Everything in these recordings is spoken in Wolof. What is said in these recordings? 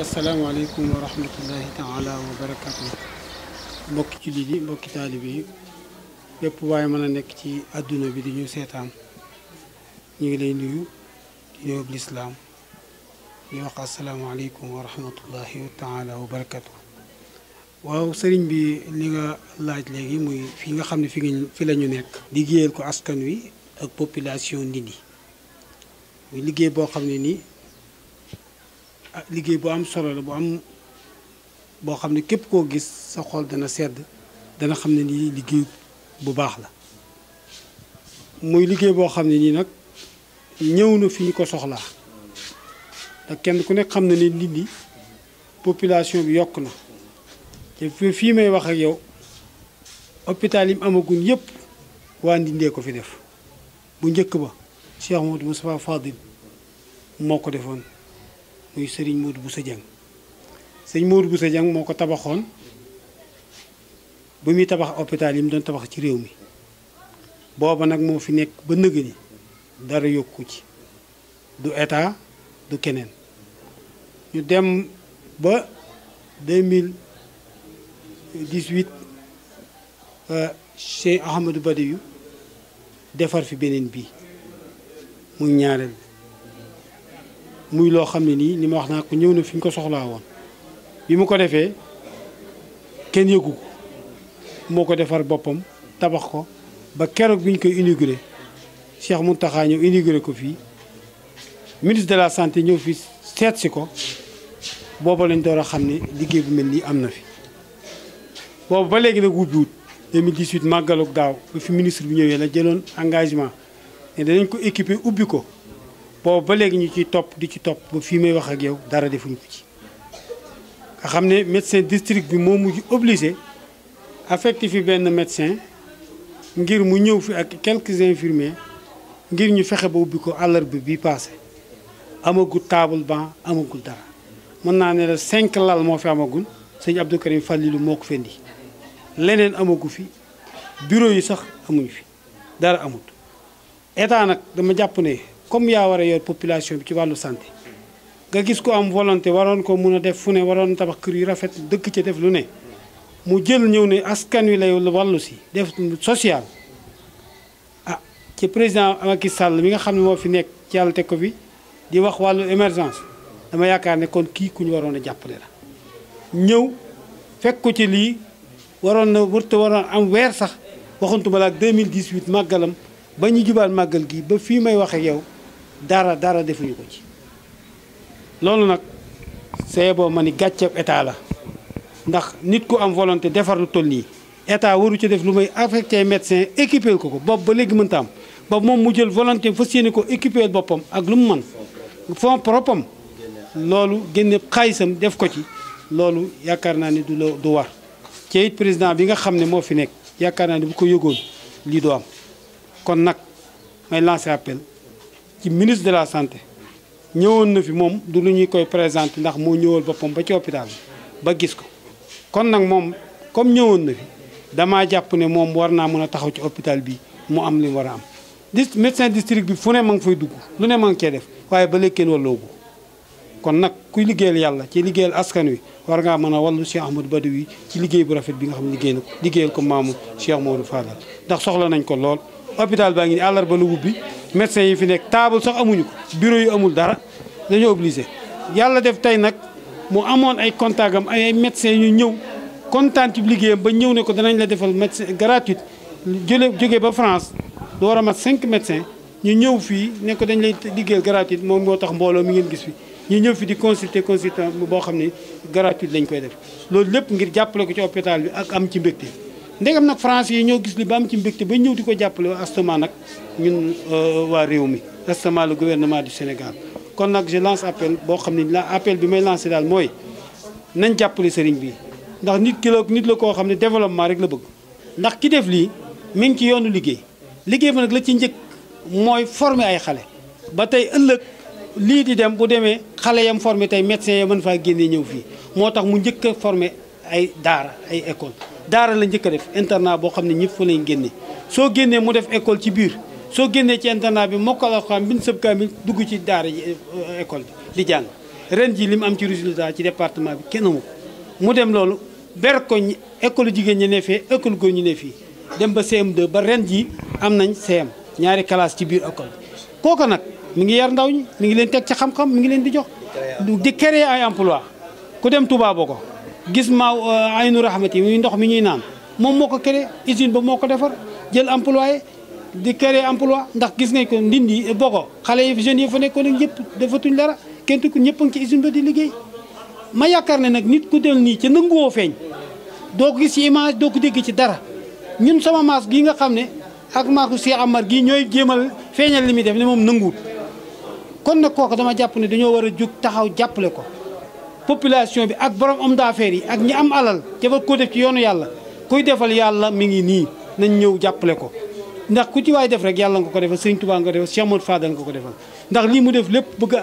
asalaamaaleykum wa rahmatullahi taala wa barakatu mbokki jullit yi mbokki taalib yi lépp waaye mën a nekk ci àdduna bi di ñu seetaan ñu ngi lay nuyu di nuyu lislaam di wax asalaamaaleykum wa rahmatullahi taala wa barakatu waaw sëriñ bi li nga laaj léegi muy fi nga xam ne fi nga fi lañu nekk liggéeyal ko askan wi ak population nit yi muy liggéey boo xam ne nii liggéey bu am solo la bu am boo xam ne képp koo gis sa xol dana sedd dana xam ne nii liggéey bu baax la muy liggéey boo xam ne nii nag ñëw na fi ñu ko soxlaa te kenn ku nekk xam na ne nit ñi population bi yokk na te fii may wax ak yow hôpital yi mu amagun yëpp waa Ndindee ko fi def bu njëkk ba Cheikh Mouhamadou Moustapha Fadil moo ko defoon muy sëriñ Modou Boussa Dieng sëriñ bu Boussa Dieng moo ko tabaxoon ba muy tabax hôpital yi mu doon tabax ci réew mi booba nag moo fi nekk ba nëg dara yokku ci du état du keneen ñu dem ba 2018 euh, Cheikh Ahmadou Badiou defar fi beneen bii muy ñaareel muy loo xam ne nii ni ma wax naa ko ñëw na fi ñu ko soxlaa woon bi mu ko defee kenn yëgu ko moo ko defar boppam tabax ko ba keroog bi ñu koy inauguré Cheikh Mountakha ñëw indigré ko fii ministre de la santé ñëw fi seet si ko booba lañ door a xam ne liggéey bu mel nii am na fi boobu ba léegi nag wubbiwut 2018 màggalu daaw ba fi ministre bu ñëwee la jëloon engagement ne danañ ko équiper ubbi ko boobu ba léegi ñu ciy topp di ci topp ba fii may wax ak yow dara defuñu ko ci nga xam ne médecin district bi moo mujj obligé affecté fi benn médecin ngir mu ñëw fi ak quelques infirmiers ngir ñu fexe ba ubbi ko àllarba bi passé amagu table banc amagul dara mën naa ne la cinq lal moo fi amagul sëñ Abdou Karim Fallilu moo ko fendi leneen amagu fi bureau yi sax amuñu fi dara amut état nag dama jàpp ne comme yaa war a yor population bi ci wàllu santé nga gis ko am volonté waroon ko mun a def fu ne waroon tabax kër yu rafet dëkk ci def lu ne mu jël ñëw ne askan wi lay wàllu si def social a ah, ci président Macky sàll mi nga xam ne moo fi nekk ci yàlla ko fi di wax wàllu émergence dama yaakaar ne kon kii ku ñu waroon a jàppale la ñëw fekk ko ci lii waroon na wërta waroon am weer sax waxantuma la ak 2018 màggalam ba ñu jubal màggal gi ba fii may wax yow dara dara defuñu ko ci loolu nag see boo ma ni gàcce état la ndax nit ku am volonté defar lu toll nii état waru ci def lu may affecté médecin équipé ko ko boobu ba léegi mënta am ba moom mu jël volonté fas yéene ko équipé boppam ak lu mu mën fond propre loolu génne xaalisam def ko ci loolu yaakaar naa ni du la du war ci it président bi nga xam ne moo fi nekk yaakaar naa ni bu ko yëgoon lii doo am kon nag may lancé appel ci ministre de la santé ñëwoon na fi moom du lu ñuy koy présenté ndax moo ñëwal boppam ba ci hôpital ba gis ko kon nag moom comme ñëwoon na fi damaa jàpp ne moom war naa mën a taxaw ci hôpital bi mu am li war a am di médecin district bi fu ne ma ngi fay dugg lu ne ma ngi cee def waaye ba léegi kenn walloogu kon nag kuy liggéeyal yàlla ci liggéeyal askan wi war ngaa mën a wallu Cheikh Ahmadou Badawi ci liggéey bu rafet bi nga xam ne liggéey na ko liggéeyal ko maamu Cheikh Maodo Fadal ndax soxla nañ ko lool hôpital baa ngi ni àllarba la ubbi médecins yi fi nekk table sax amuñu ko bureau yi amul dara dañoo obligé yàlla def tey nag mu amoon ay contact am ay médecins ñu ñëw kontaan ci liggéeyam ba ñëw ne ko danañ la defal médecin gratuite jële jógee ba France door a mat cinq médecins ñu ñëw fii ne ko dañ lay liggéeyal gratuite moom moo tax mbooloo mi ngeen gis fi ñu ñëw fi di consulter consultant boo xam ne gratuite lañ koy def loolu lépp ngir jàppale ko ci hôpital bi ak am ci mbégte ndegam nag français yi ñoo gis li ba am ci mbégte ba ñëw di ko jàppale waa ASTMA nag ñun euh, waa réew mi ASTMA le gouvernement du Sénégal kon nag je lance appel boo xam ne la appel bi may lancé daal mooy nañ jàppale sëriñ bi ndax nit kilo nit la koo xam ne développement rek la bëgg ndax ki def lii mi ngi ci yoonu liggéey liggéey bi nag la ci njëkk mooy former ay xale ba tey ëllëg lii di dem bu demee xale yam formé tey médecin ya mën faa génnee ñëw fii moo tax mu njëkk formé ay daara ay école daara la njëkk a def internat boo xam ne ñëpp fa lañ génne soo génnee mu def école ci biir soo génnee ci internat bi mokkal alxuraan bin sëb kaamil dugg ci daara euh, école bi di jàng ren ji li mu am ci résultat ci département bi kenn mu dem loolu ber ko école jigéen ñi ne fee école góor ñu ne fii dem ba CM2 ba ren ji am nañ CM ñaari classe ci biir école bi nag mu ngi yar ndaw ñi mi ngi leen teg ci xam-xam mi ngi leen di jox di créer ay emploi ku dem Touba boo ko gis maaw euh, aynu rahmati muy ndox mi ñuy naan moom moo ko créé usine ba moo ko defar jël employé di créé emploi ndax gis nañ ko ndindi boko xale yi jeunes yi fa nekkoon ak ñëpp defatuñ dara kenn ku ñëpp a ngi ci isin ba di liggéey ma yaakaar ne nag nit ku del nii ca nanguwoo feeñ doo ko gis ci image doo ko dégg ci dara ñun sama maas gi nga xam ne ak maaku si Amar gii ñooy jéemal feeñal li muy def ne moom nanguwut kon nag kooku dama jàpp ne dañoo war a jóg taxaw jàppale ko population bi ak borom homme d'affaires yi ak ñi am alal te war koo def ci yoonu yàlla kuy defal yàlla mi ngi nii nañ ñëw jàppale ko ndax ku ci waay def rek yàlla nga ko defal Sëriñ Tuubaa nga ko defal Cheikh Modou nga ko defal ndax lii mu def lépp bëgg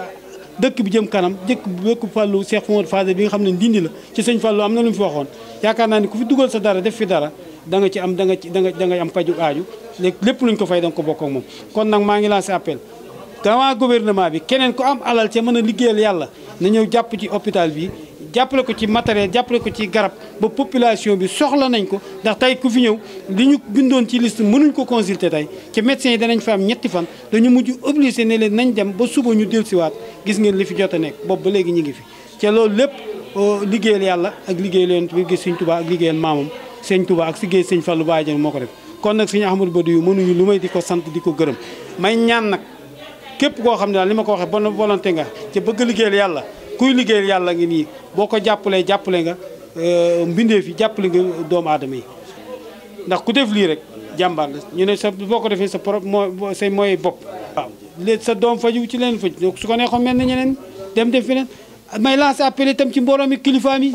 dëkk bi jëm kanam dëkk dëkk Fallou Cheikh Modou Fadal bi nga xam ne ndindi la ci sëñ Fallou am na lu mu fi waxoon yaakaar naa ni ku fi dugal sa dara def fi dara danga ci am danga nga ci da nga da ngay am paju aaju lépp luñ ko fay da ko bokk moom kon nag maa ngi lancé appel waa gouvernement bi keneen ku am alal ca mën a liggéeyal yàlla na ñëw jàpp ci hôpital bi jàppale ko ci matériel jàppale ko ci garab ba population bi soxla nañ ko ndax tey ku fi ñëw li ñu bindoon ci list mënuñ ko consulter tey ci médecins yi danañ fa am ñetti fan dañu mujj obligé ne leen nañ dem ba suba ñu dellusiwaat gis ngeen li fi jot a nekk boobu ba léegi ñu ngi fi ca loolu lépp liggéeyal yàlla ak liggéeyal yonent bi gis sëñ Tuubaa ak liggéeyal maamam sëñ Tuubaa ak liggéey sëñ Fallu Baay moo ko def kon nag sëñ Ahmadu Badu yu mënuñu lu may di ko sant di ko gërëm képp koo xam ne daal li ma ko waxee ba bonne volonté nga ci bëgg liggéeyal yàlla kuy liggéeyal yàlla ngi nii boo ko jàppalee jàppale nga euh, mbindee fi jàppale nga doomu aadama yi ndax ku def lii rek jàmbaar la ñu ne sa boo ko defee sa propre moo say mooy bopp waaw léegi sa doom faju ci leen faj su ko neexoon mel na ñeneen dem def feneen may lancé appel itam ci mbooloo mi kilifaa yi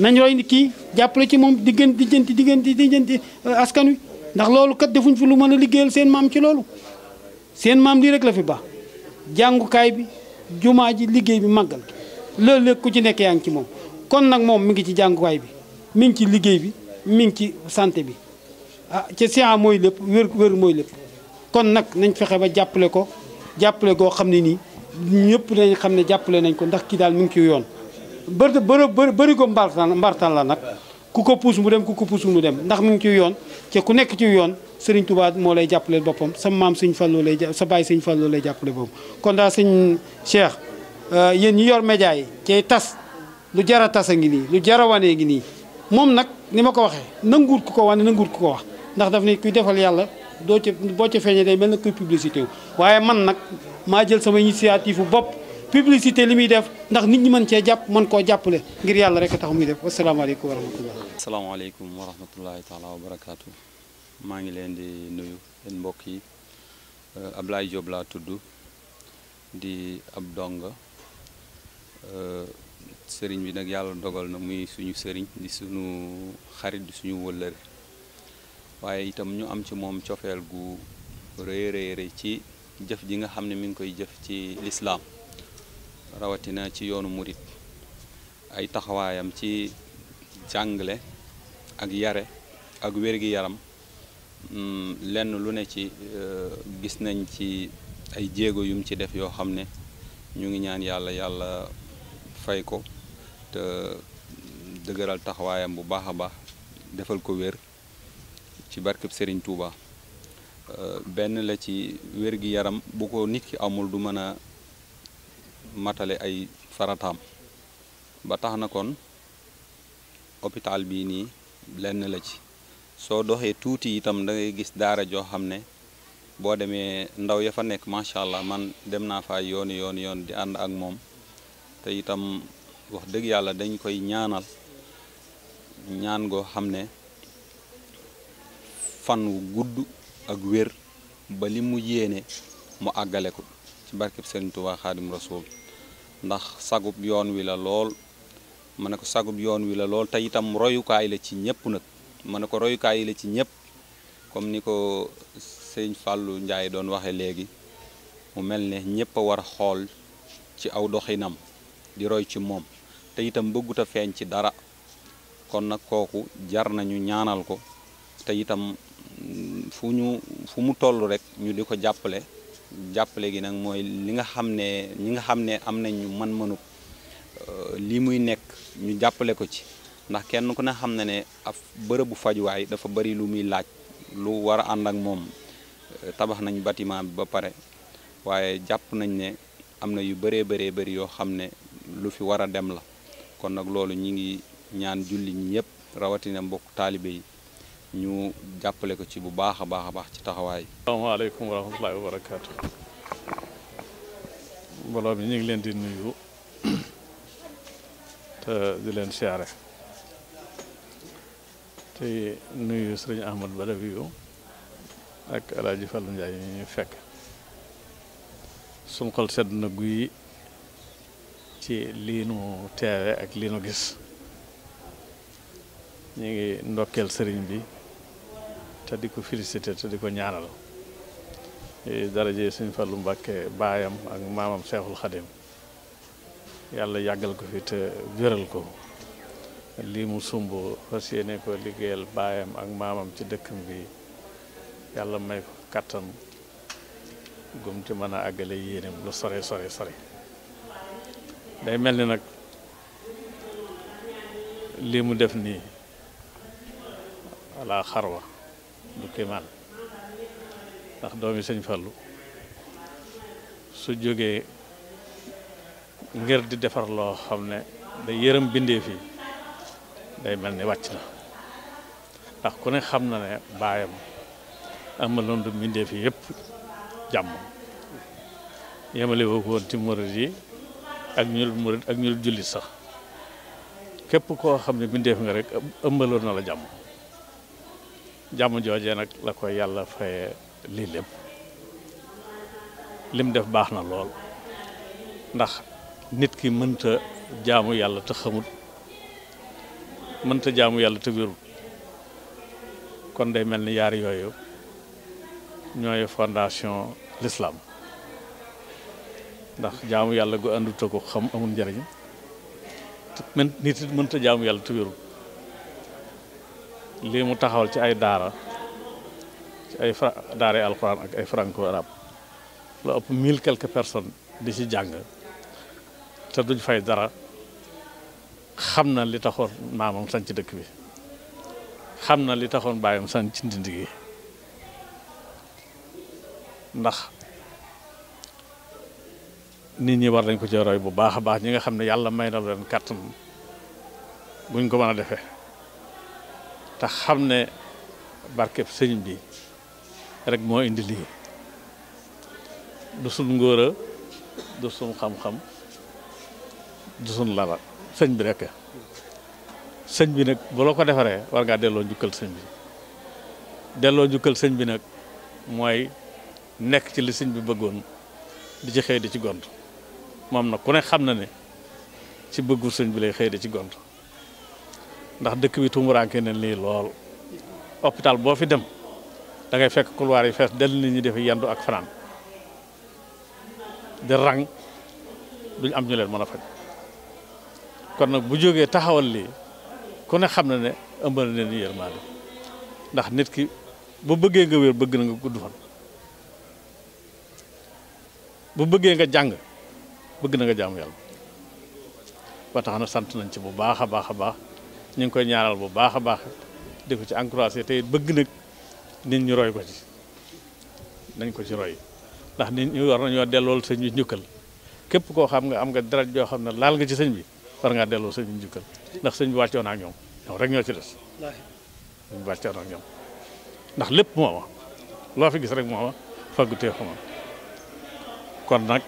nañ roy kii jàppale ci moom diggante diggante diggante diggante euh, askan wi ndax loolu kat defuñ fi lu mën a liggéeyal seen maam ci loolu seen maam lii rek la fi ba jàngukaay bi jumaa ji liggéey bi màggal loolu lépp ku ci nekk yaa ngi ci moom kon nag moom mi ngi ci jàngukaay bi mi ngi ci liggéey bi mi ngi ci santé bi ah ca siyaa mooy lépp wér wér mooy lépp kon nag nañ fexe ba jàppale ko jàppale goo xam ne nii ñëpp dañ xam ne jàppale nañ ko ndax kii daal mi ngi ci yoon bër bari bëri ko mbartaan mbartaan la nag ku ko puus mu dem ku ko puus mu dem ndax mu ngi ci yoon te ku nekk ci yoon Serigne Touba moo lay jàppale boppam sa maam Serigne Fallou lay sa baay Serigne Fallou lay jàppale boppam. kon daal Serigne Cheikh euh, yéen ñi yor média yi cay tas lu jar a tas a ngi nii lu jar a wanee ngi nii moom nag ni ma ko waxee nanguut ku ko wane nanguut ku ko wax ndax daf ne kuy defal yàlla doo ca boo ca feeñee day mel na kuy publicité wu. waaye man nag maa jël sama initiative bopp publicité li muy def ndax nit ñi mën cee jàpp mën koo jàppale ngir yàlla rek tax muy def wasalaamaaleykum wa rahmatullah. asalaamaaleykum wa rahmatullahi taala wa barakaatu. maa ngi leen di nuyu seen mbokk yi euh, Ablaye Diop laa tudd di ab donga euh, sëriñ bi nag yàlla dogal na muy suñu sëriñ di suñu xarit di suñu wëllëre waaye itam ñu am ci moom cofeel gu rëy rëy rëy ci jëf ji nga xam ne mi ngi koy jëf ci lislaam rawatina ci yoonu murit ay taxawaayam ci jàngle ak yare ak wér-gi-yaram Mm, lenn lu ne ci euh, gis nañ ci ay jéego yum ci def yoo xam ne ñu ngi ñaan yàlla yàlla fay ko te dëgëral taxawaayam bu baax a baax defal ko wér ci barkeb Serigne Touba euh, benn la ci wér gi yaram bu ko nit ki amul du mën a matale ay farataam ba tax na kon hôpital bii nii lenn la ci soo doxee tuuti itam da ngay gis daara joo xam ne boo demee ndaw ya fa nekk macha allah man dem naa fa yoon yoon yoon di ànd ak moom te itam wax dëgg yàlla dañ koy ñaanal ñaan goo xam ne fan wu gudd ak wér ba li mu yéene mu àggale ko ci barkeb Sëriñ Tuubaa Xaadim Rasuul ndax sagub yoon wi la lool ma ne ko sagub yoon wi la lool te itam royukaay la ci ñépp nag ma ne ko royukaay yi la ci ñëpp comme ni ko sëñ fàllu njaay doon waxe léegi mu mel ne ñëpp a war a xool ci aw doxinam di roy ci moom te itam bëggut a feeñ ci dara kon nag kooku jar nañu ñaanal ko te itam fu ñu fu mu toll rek ñu di ko jàppale jàppale gi nag mooy li nga xam ne ñi nga xam ne am nañu mën-mënu euh, lii muy nekk ñu jàppale ko ci ndax kenn ku ne xam na ne ab bërëbu fajuwaay dafa bari lu muy laaj lu war a ànd ak moom euh, tabax nañ bâtiment bi ba pare waaye jàpp nañ ne am na yu bëree bëree bëri yoo xam ne lu fi war a dem la kon nag loolu ñu ngi ñaan julli ñi yëpp rawatina mbokk taalibe yi ñu jàppale ko ci bu baax a baax a baax ci taxawaay. asalaamaaleykum wa rahmatullaahi wa barakaatu. mbooloo bi ñu ngi leen di nuyu te di leen siyaare. te nuyu sëriñ Ahmad Badawiyu ak alaaji Fàllu Njaay yi ñu fekk suñ xol sedd na guyi ci liinu nu teewe ak lii nu gis ñu ngi ndokkeel sëriñ bi te di ko félicité te di ko ñaanal daraje suñ Fàllu Mbàkke baayam ak maamam Seexul Xadim yàlla yàggal ko fi te wéral ko lii mu sumb fas yéene ko liggéeyal baayam ak maamam ci dëkkam bi yàlla may ko kattan gum ci mën a àggale yéeneem lu sore sore sore day mel ni nag lii mu def nii walla xarwa du kéemaan ndax doomi sëñ Fallou su jógee ngir di defar loo xam ne day yërëm bindee fii day mel ni wàcc na ndax ku ne xam na ne baayam amaloon du mbindeef yi yëpp jàmm yemale woo ci murit yi ak ñu dul murit ak ñu jullit sax képp koo xam ne mbindeef nga rek ëmbaloon na la jàmm jàmm joojee nag la ko yàlla faye lii lépp lim def baax na lool ndax nit ki mënta jaamu yàlla te xamut mënta jaamu yàlla te wérul kon day mel ni yaar yooyu ñooy fondation l'islam ndax jaamu yàlla gu àndut ko xam amul njariñ mën nit it mënta jaamu yàlla te wérul lii mu taxawal ci ay daara ci ay fra daara alxuraan ak ay franco arabe lu ëpp mille quelques personnes di ci jàng te duñ fay dara xam na li taxoon sañ ci dëkk bi xam na li taxoon baayam sanc ndindi gi ndax nit ñi war nañ ko ci roy bu baax a baax ñi nga xam ne yàlla may na leen kàttan buñ ko mën a defee te xam ne barkeb sëñ bi rek moo indi lii du sun ngóora du sun xam-xam du sun lara sëñ bi rek sëñ bi nag bu ko defaree war ngaa delloo njukkal sëñ bi delloo njukkal sëñ bi nag mooy nekk ci li sëñ bi bëggoon di ci xëy di ci gont moom na ku ne xam na ne ci bëggu sëñ bi lay xëy di ci gont ndax dëkk bi tumuraanke ne lii lool hôpital boo fi dem dangay fekk couloir yi fees del nit ñi def yendu ak fanaan di rang duñ am ñu leen mën a faj kon nag bu jógee taxawal lii ku ne xam na ne ëmbal na ni yërmaande ndax nit ki bu bëggee nga wér bëgg na nga gudd fan bu bëggee nga jàng bëgg na nga jaamu yàlla ba tax na sant nañ ci bu baax a baax a baax ñu ngi koy ñaaral bu baax a baax di ko ci encouragé tey bëgg nag nit ñu roy ko ci nañ ko ci roy ndax nit ñu war nañoo dellool sëñ bi njukkal képp koo xam nga am nga dara joo xam ne laal nga ci sëñ bi war ngaa delloo sëñ bi njukkal ndax sëñ bi wàccoon ak ñoom ñoom rek ñoo ci des sëñ bi ndax lépp mooma loo fi gis rek mooma faggutee fa moom kon nag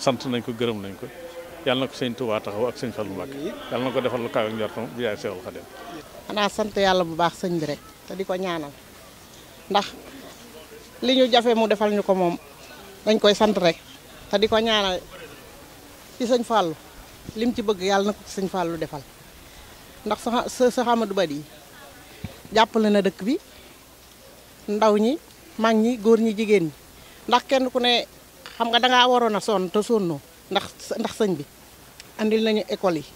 sant nañ ko gërëm nañ ko yàlla na ko sëñ Tuubaa taxaw ak sëñ Fallu Mbàkke yàlla na ko defal lu kaw ak njortam bi yaay Seexul Xadiim xanaa sant yàlla bu baax sëñ bi rek te di ko ñaanal ndax li ñu jafe mu defal ñu ko moom dañ koy sant rek te di ko ñaanal ci sëñ Fallu lim ci bëgg yàlla na ko ci sëñ Fallou defal ndax sa sa Amadou Badi jàppale na dëkk bi ndaw ñi mag ñi góor ñi jigéen ñi ndax kenn ku ne xam nga dangaa waroon a sonn te sonnoo ndax ndax sëñ bi andil nañu école yi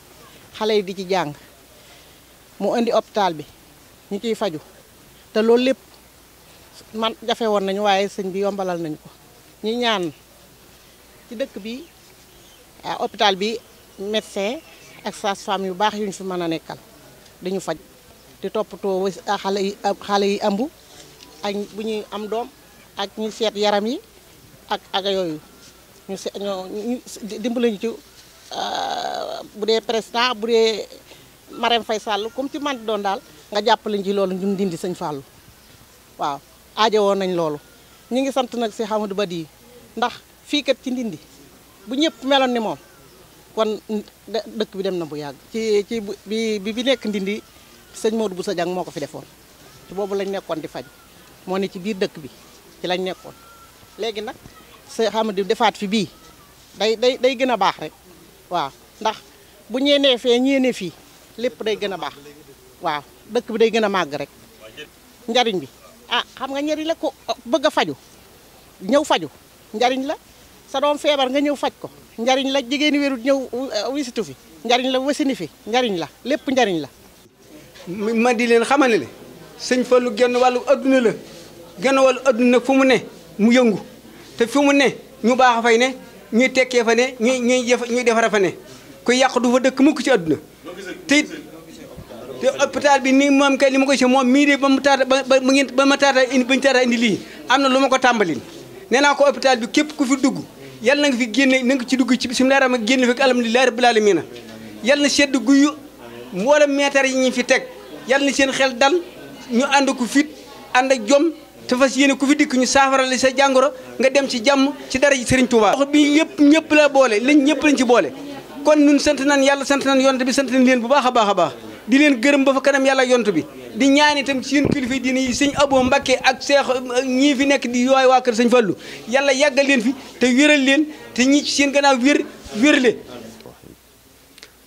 xale yi di ci jàng mu indi hôpital bi ñu ciy faju te loolu lépp man jafe woon nañu waaye sëñ bi yombalal nañu ko ñi ñaan ci dëkk bi ah bi médecin ak sage-femme yu baax yu ñu fi mën a nekkal dañu faj di toppatoo ah, xale yi ah, xale yi ambu ak bu ñuy am doom ak ñu seet yaram yi ak ak yooyu ñu se ñu dimbali ñu ci ah, bu dee president bu dee Marème fay Sall comme ci man doon daal nga jàppale ñu ci loolu ñun dindi sañ fàll waaw aajo woon nañ loolu ñu ngi sant nag si Hamadou Badi ndax fii kat ci ndindi bu ñëpp meloon ni moom. kon dëkk bi dem na bu yàgg ci ci bi bi nekk ndindi sëñ Modou Boussa Dieng moo ko fi defoon ci boobu lañ nekkoon di faj moo ne ci biir dëkk bi ci lañ nekkoon léegi nag sa xam di fi bii day day day gën a baax rek waaw ndax bu ñeenee fee ñeenee fii lépp day gën a baax waaw dëkk bi day gën a màgg rek njariñ bi ah xam nga njariñ la ko bëgg a faju ñëw faju njariñ la sa doom feebar nga ñëw faj ko njariñ la jigéen wérut ñëw uh, wisitu fi njariñ la wasini fi njariñ la lépp njariñ la ma di leen xamane le sëñ Fallou genn wàllu adduna la genn wàllu adduna fu mu ne mu yëngu te fu mu ne ñu baax a fay ne ñuy tekkee fa ne ñuy ñuy def ñuy defara fa ne ku yàq du fa dëkk mukk ci adduna te te hôpital bi nii moom kay li ma ko si moom mii ba mu taata ba ba mu ngi ma taata indi ba ñu taata lii am na lu ma ko tàmbalin nee naa ko hôpital bi képp ku fi dugg yal na nga fi génne na nga ci dugg ci a rahmaani génne fi alhamdulilah rabbil aalamiina yal na sedd guyu mboole meetar yi ñi fi teg yal na seen xel dal ñu ànd ko fit ànd ak jom te fas yéene ku fi dikk ñu saafara li sa jàngoro nga dem ci jàmm ci dara ji Serigne Touba. wax bi yëpp ñëpp la boole lañ ñëpp lañ ci boole kon nun sant nañ yàlla sant nañ yonent bi sant nañ bu baax a baax a baax. di leen gërëm ba fa kanam yàlla yont bi di ñaan itam ci seen kilifa diine yi sëñ Abo Mbakke ak seex ñii fi nekk di yooy waa kër sëñ Fallu yàlla yàggal leen fi te wéral leen te ñi ci seen gannaaw wér wérle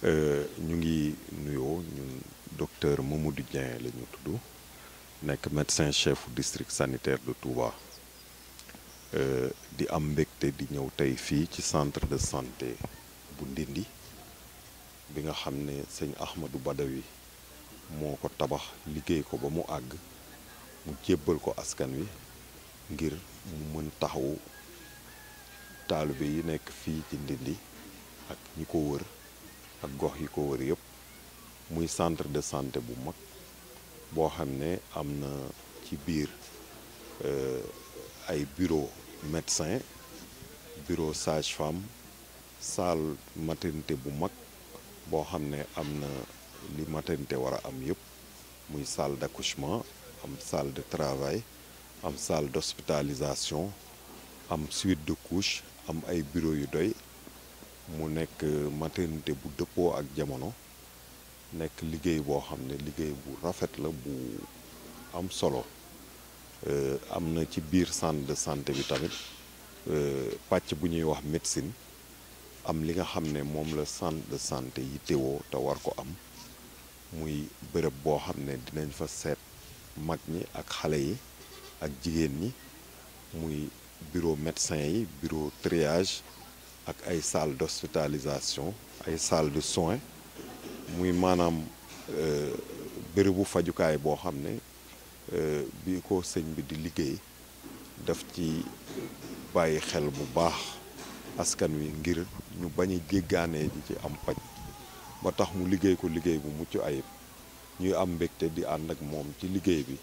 euh, ñu ngi nuyoo ñun docteur Mamadou Dieng la ñu tudd nekk médecin chef district sanitaire de Touba euh, di am mbégte di ñëw tey fii ci centre de santé bu Ndindi bi nga xam ne sëñ Ahmadou wi moo ko tabax liggéey ko ba mu àgg mu jébbal ko askan wi ngir mu mën taxawu taalibe yi nekk fii ci Ndindi ak ñi ko wër ak gox yi ko wër yëpp muy centre de santé bu mag boo xam ne am na ci biir euh, ay bureau médecin bureau sage-femme salle bu mag boo xam ne am na li maternité war a am yëpp muy salle d'accouchement am salle de travail am salle d'hospitalisation am suite de couche am ay bureau yu doy mu nekk maternité bu dëppoo ak jamono nekk liggéey boo xam ne liggéey bu rafet la bu am solo euh, am na ci biir centre de santé bi tamit euh, pàcc bu ñuy wax médecine am li nga xam ne moom la centre de santé yi teewoo te war ko am muy bërëb boo xam ne dinañ fa seet mag ñi ak xale yi ak jigéen ñi muy bureau médecin yi bureau triage ak ay salle d'hospitalisation ay salle de soins muy maanaam euh, bërëbu fajukaay boo xam ne euh, bi ko sëñ bi di liggéey daf ci bàyyi xel bu baax askan wi ngir ñu bañ a jéggaanee ji ci am paj ba tax mu liggéey ko liggéey bu mucc ayib ñuy am mbégte di ànd ak moom ci liggéey bi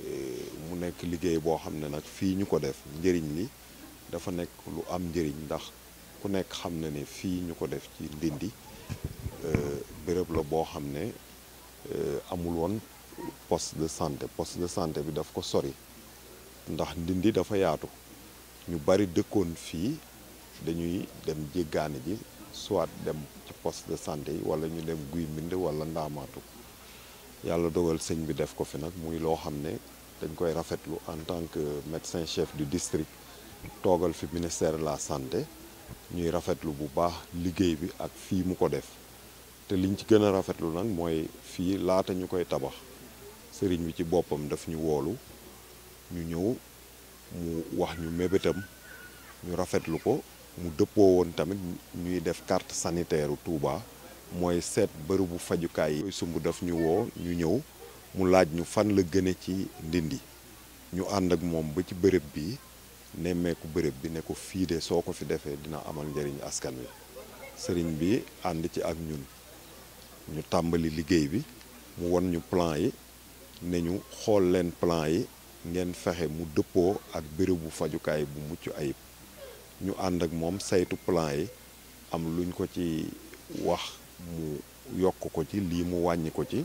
eh, mu nekk liggéey boo xam ne nag fii ñu ko def njëriñ li dafa nekk lu am njëriñ ndax ku nekk xam na ni fii ñu ko def ci Ndindi eh, béréb la boo xam ne eh, amul woon poste de santé poste de santé bi daf ko sori ndax Ndindi dafa yaatu ñu bari dëkkoon fii dañuy dem jéggaani ji soit dem ci poste de santé yi wala ñu dem guy mbind walla ndaamaatu yàlla dogal sëñ bi def ko fi nag muy loo xam ne dañ koy rafetlu en tant que médecin chef du district toogal fi ministère la santé ñuy rafetlu bu baax liggéey bi ak fii mu ko def te liñ ci gën a rafetlu nag mooy fii laata ñu koy tabax sëriñ bi ci boppam daf ñu woolu ñu ñëw mu wax ñu mébétam ñu rafetlu ko mu dëppoo woon tamit ñuy def carte sanitaire Touba mooy seet bërëbu fajukaay yi sumb daf ñu woo ñu ñëw mu laaj ñu fan la gëne ci ndindi ñu ànd ak moom ba ci bërëb bi nemmeeku bërëb bi ne ko fii de soo ko fi defee dina amal njëriñ askan wi sëriñ bi ànd ci ak ñun ñu tàmbali liggéey bi mu won ñu plan yi ne ñu xool leen plan yi ngeen fexe mu dëppoo ak bërëbu fajukaay bu mucc ayib ñu ànd ak moom saytu plan yi am luñ ko ci wax mu yokk ko ci lii mu wàññi ko ci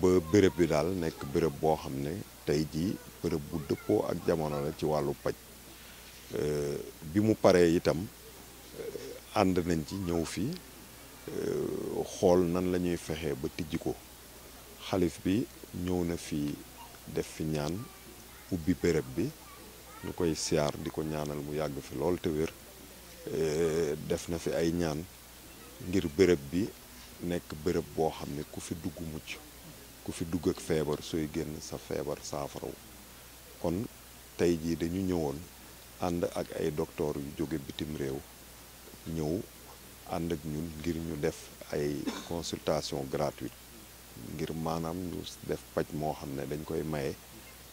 ba bërëb bi daal nekk bërëb boo xam ne tey jii bërëb bu dëppoo ak jamono la ci wàllu paj euh, bi mu paree itam euh, ànd nañ ci ñëw fii euh, xool nan la ñuy fexee ba tijji ko xalif bi ñëw na fi def fi ñaan ubbi béréb bi lu koy siyaar di ko ñaanal mu yàgg fi lool te wér e, def na fi ay ñaan ngir bërëb bi nekk bërëb boo xam ne ku fi dugg mucc ku fi dugg ak feebar sooy génn sa feebar saafaraw kon tey jii dañu ñëwoon ànd ak ay docteur yu jóge bitim réew ñëw ànd ak ñun ngir ñu def ay consultation gratuite ngir maanaam ñu def paj moo xam ne dañ koy maye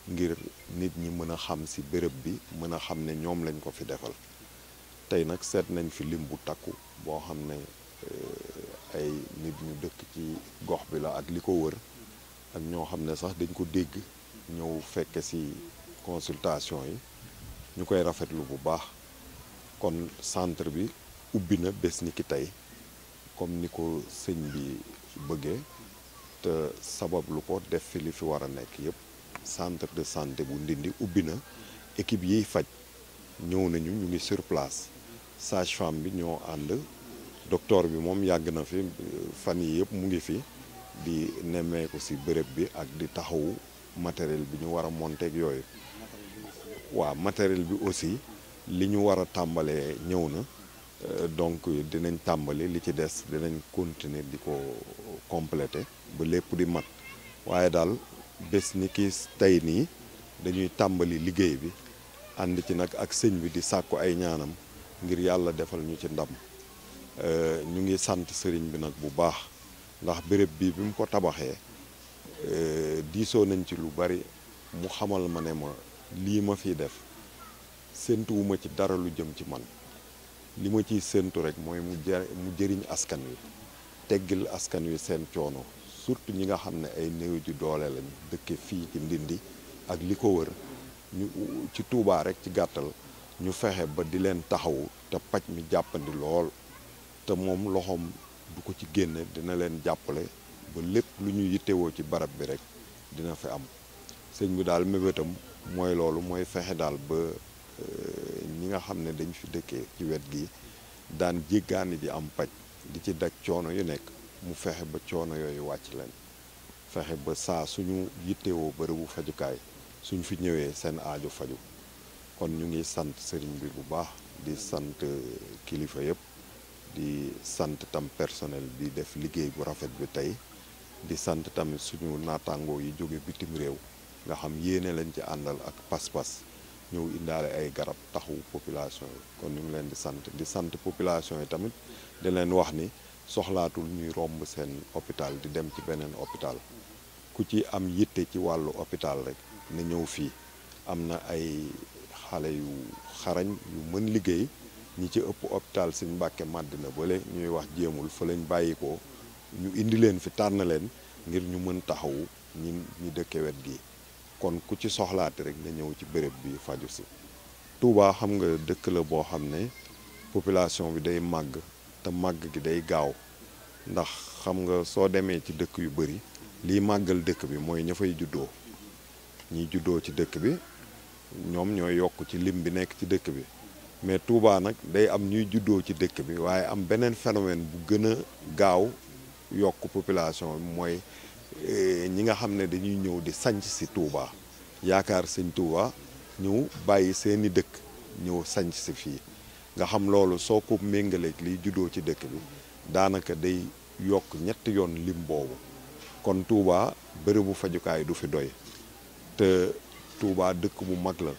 ngir nit ñi mën a xam si béréb bi mën a xam ne ñoom lañ ko fi defal tey nag seet nañ fi lim bu takku boo xam ne eh, ay nit ñu dëkk ci gox bi la ak li ko wër ak ñoo xam ne sax dañ ko dégg ñëw fekke ci consultation yi ñu koy rafetlu bu baax kon centre bi ubbi na bés ni ki tey comme ni ko sëñ bi bëggee te lu ko def fi li fi war a nekk yépp centre de santé bu Ndindi ubbi na équipe yiy faj ñëw nañu ñu ngi sur place sage femme bi ñoo ànd docteur bi moom yàgg na fi fan yi yëpp mu ngi fi di nemmeeku ci bërëb bi ak di taxawu matériel bi ñu war a monter yooyu waa matériel bi aussi li ñu war a tàmbalee ñëw na euh, donc dinañ tàmbali li ci des dinañ continuer di ko compléter ba lépp di mat waaye daal bés ni ki tey nii dañuy tàmbali liggéey bi ànd ci nag ak sëñ bi di sàkku ay ñaanam ngir yàlla defal ñu ci ndam euh, ñu ngi sant sëriñ bi nag bu baax ndax béréb bii bi mu ko tabaxee euh, diisoo nañ ci lu bari mu xamal ma ne ma lii ma fi def séntuwuma ci dara lu jëm ci man li ma ciy séntu rek mooy mu jë mu jëriñ askan wi teggil askan wi seen coono surtout ñi nga xam ne ay néew di doole lañu dëkkee fii ci Ndindi ak li ko wër ñu ci tuubaa rek ci gàttal ñu fexe ba di leen taxawu te paj mi jàppandi lool te moom loxoom du ko ci génne dina leen jàppale ba lépp lu ñu yittewoo ci barab bi rek dina fi am sëñ bi daal mébétam mooy loolu mooy fexe daal ba euh, ñi nga xam ne dañ fi dëkkee ci wet gi daan jéggaani di am paj di ci daj coono yu nekk mu fexe ba coono yooyu wàcc leen fexe ba saa suñu yittewoo bërëbu fajukaay suñu fi ñëwee seen aajo faju kon ñu ngi sant sëriñ bi bu baax di sant kilifa yëpp di sant tam personnel bi def liggéey bu rafet bi tey di sant tamit suñu naataangoo yi jóge bitim réew nga xam yéene lañ ci àndal ak pas-pas ñëw indaale ay garab taxu population yi kon ñu ngi leen di sant di sant population yi tamit di leen wax ni soxlaatul ñuy romb seen hôpital di dem ci beneen hôpital ku ci am yitte ci wàllu hôpital rek na ñëw fii am na ay xale yu xarañ yu mën liggéey ñi ci ëpp hôpital Sëñ Mbàkke na bale ñuy wax jéemul fa lañ bàyyi ñu indi leen fi tànn leen ngir ñu mën taxawu ñi ñi wet gi kon ku ci soxlaati rek na ñëw ci béréb bi faju si Tuubaa xam nga dëkk la boo xam ne population bi day màgg te màgg gi day gaaw ndax xam nga soo demee ci dëkk yu bëri lii màggal dëkk bi mooy ñëfay juddoo ñiy juddoo ci dëkk bi ñoom ñoo yokk ci lim bi nekk ci dëkk bi mais Touba nag day am ñuy juddoo ci dëkk bi waaye am beneen phénomène bu gën a gaaw yokk population mooy eh, ñi nga xam ne dañuy ñëw di sanc si Touba yaakaar sëñ Touba ñëw bàyyi seeni dëkk ñëw sanc si fii nga xam loolu soo ko méngaleeg liy juddoo ci dëkk bi daanaka day yokk ñetti yoon lim boobu kon Touba bërëbu fajukaay du fi doy te Touba dëkk bu mag la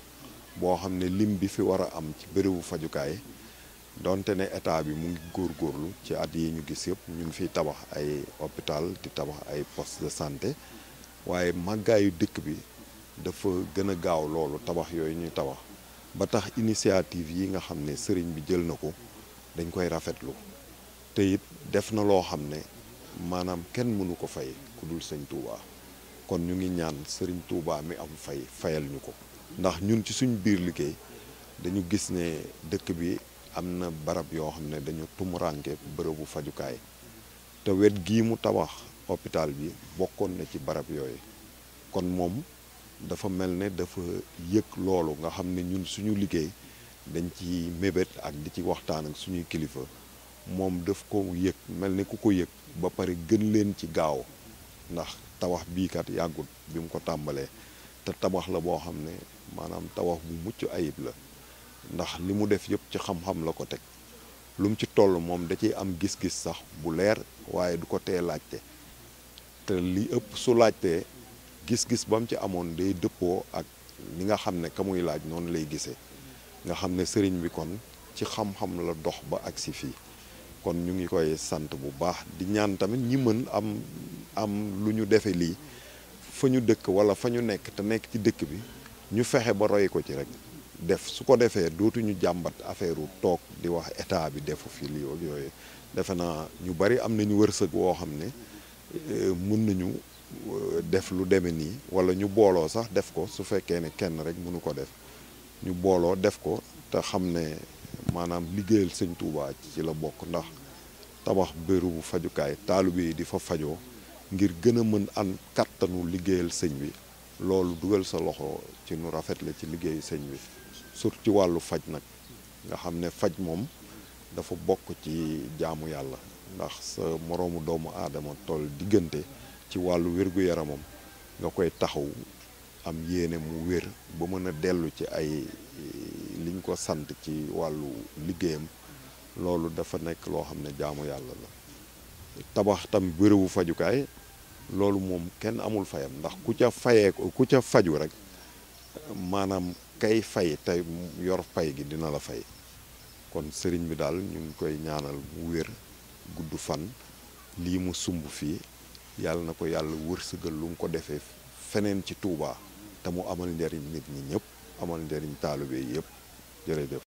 boo xam ne lim bi fi war a am ci bërëbu fajukaay donte ne état bi mu ngi góorlu ci at yi ñu gis yëpp ñu ngi fi tabax ay hôpital di tabax ay poste de santé waaye màggaayu dëkk bi dafa gën a gaaw loolu tabax yooyu ñuy tabax ba tax initiative yi nga xam ne sëriñ bi jël na ko dañ koy rafetlu te it def na loo xam ne maanaam kenn mënu ko fay ku dul sëñ Touba kon ñu ngi ñaan sëriñ Touba mi am fay fayal ñu ko ndax ñun ci suñu biir liggéey dañu gis ne dëkk bi am na barab yoo xam ne dañu tumuranke bërëbu fajukaay te wet gii mu tabax hôpital bi bokkoon na ci barab yooyu kon moom dafa mel ne dafa yëg loolu nga xam ne ñun suñu liggéey dañ ci mébét ak di ci waxtaan ak suñuy kilifa moom daf ko yëg mel ni ku ko yëg ba pare gën leen ci gaaw ndax tabax biikat kat yàggut bi mu ko tàmbalee te tabax la boo xam ne maanaam tabax bu mucc ayib la ndax li mu def yëpp ci xam-xam la ko teg lu mu ci toll moom da ciy am gis-gis sax bu leer waaye du ko tee laajte te li ëpp su laajtee gis-gis ba mu ci amoon day dëppoo ak ni nga xam ne ka muy laaj noonu lay gisee nga xam ne sëriñ bi kon ci xam-xam la dox ba agsi fii kon ñu ngi koy sant bu baax di ñaan tamit ñi mën am am lu ñu defee lii fa ñu dëkk wala fa ñu nekk te nekk ci dëkk bi ñu fexe ba roy ko ci rek def su ko defee dootuñu jàmbat affaire u toog di wax état bi defu fi lii ak yooyu defe naa ñu bari am na nañu wërsëg woo xam ne euh, mën nañu euh, def lu deme nii wala ñu booloo sax def ko su fekkee ne kenn rek mënu ko def ñu booloo def ko te xam ne maanaam liggéeyal sëñ Touba ci la bokk ndax tabax bérébu fajukaay taalibe yi di fa fajoo ngir gën a mën am kattanu liggéeyal sëñ bi loolu dugal sa loxo ci nu rafet la ci liggéey sëñ bi surtout ci wàllu faj nag nga xam ne faj moom dafa bokk ci jaamu yàlla ndax sa moroomu doomu aadama toll diggante ci wàllu wér-gu-yaramam nga koy taxaw am yéene mu wér ba mën a dellu ci ay liñ ko sant ci wàllu liggéeyam loolu dafa nekk loo xam ne jaamu yàlla la tabax tam bérébu fajukaay loolu moom kenn amul fayam ndax ku ca fayee ku ca faju rek maanaam kay fay tey yor fay gi dina la fay kon sëriñ bi daal ñu ngi koy ñaanal mu wér gudd fan lii mu sumb fii yàlla na ko yàlla wërsëgal lu mu ko defee feneen ci Touba te mu amal njariñ nit ñi ñëpp amal njariñ taalibe yëpp jërëjëf